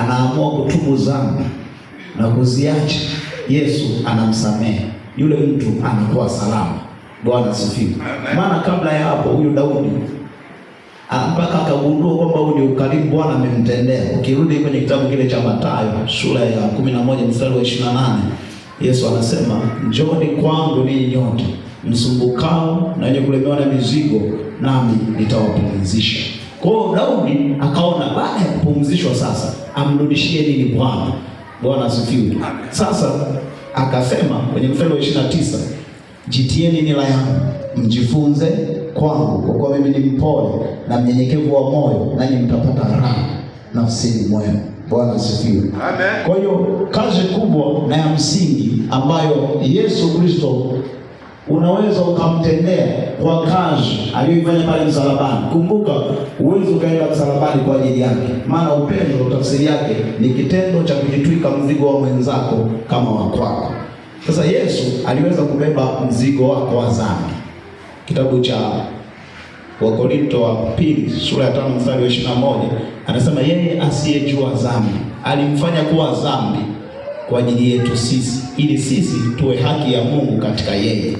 anaamua kutubu zangu na kuziacha, Yesu anamsamehe yule mtu, anakuwa salama. Bwana sifiwe. Maana kabla ya hapo huyu Daudi mpaka akagundua kwamba huu ni ukarimu Bwana amemtendea. Ukirudi kwenye kitabu kile cha Mathayo sura ya 11 mstari wa 28, Yesu anasema njoni kwangu ninyi nyote msumbukao na wenye kulemewa na mizigo, nami nitawapumzisha. Kwa hiyo Daudi akaona sasa amrudishie ni Bwana. Bwana asifiwe. Sasa akasema kwenye mfano wa 29, jitieni nila yangu mjifunze kwangu, kwa kuwa mimi ni mpole na mnyenyekevu wa moyo, nanyi mtapata raha nafsini mwenu. Bwana asifiwe. Amen. Kwa hiyo kazi kubwa na ya msingi ambayo Yesu Kristo unaweza ukamtendea kwa kazi aliyoifanya pale msalabani. Kumbuka, huwezi ukaenda msalabani kwa ajili yake, maana upendo tafsiri yake ni kitendo cha kujitwika mzigo wa mwenzako kama wa kwako. Sasa Yesu aliweza kubeba mzigo wako wa dhambi. Kitabu cha Wakorinto wa pili sura ya tano mstari wa ishirini na moja anasema yeye asiyejua dhambi alimfanya kuwa dhambi kwa ajili yetu sisi, ili sisi tuwe haki ya Mungu katika yeye.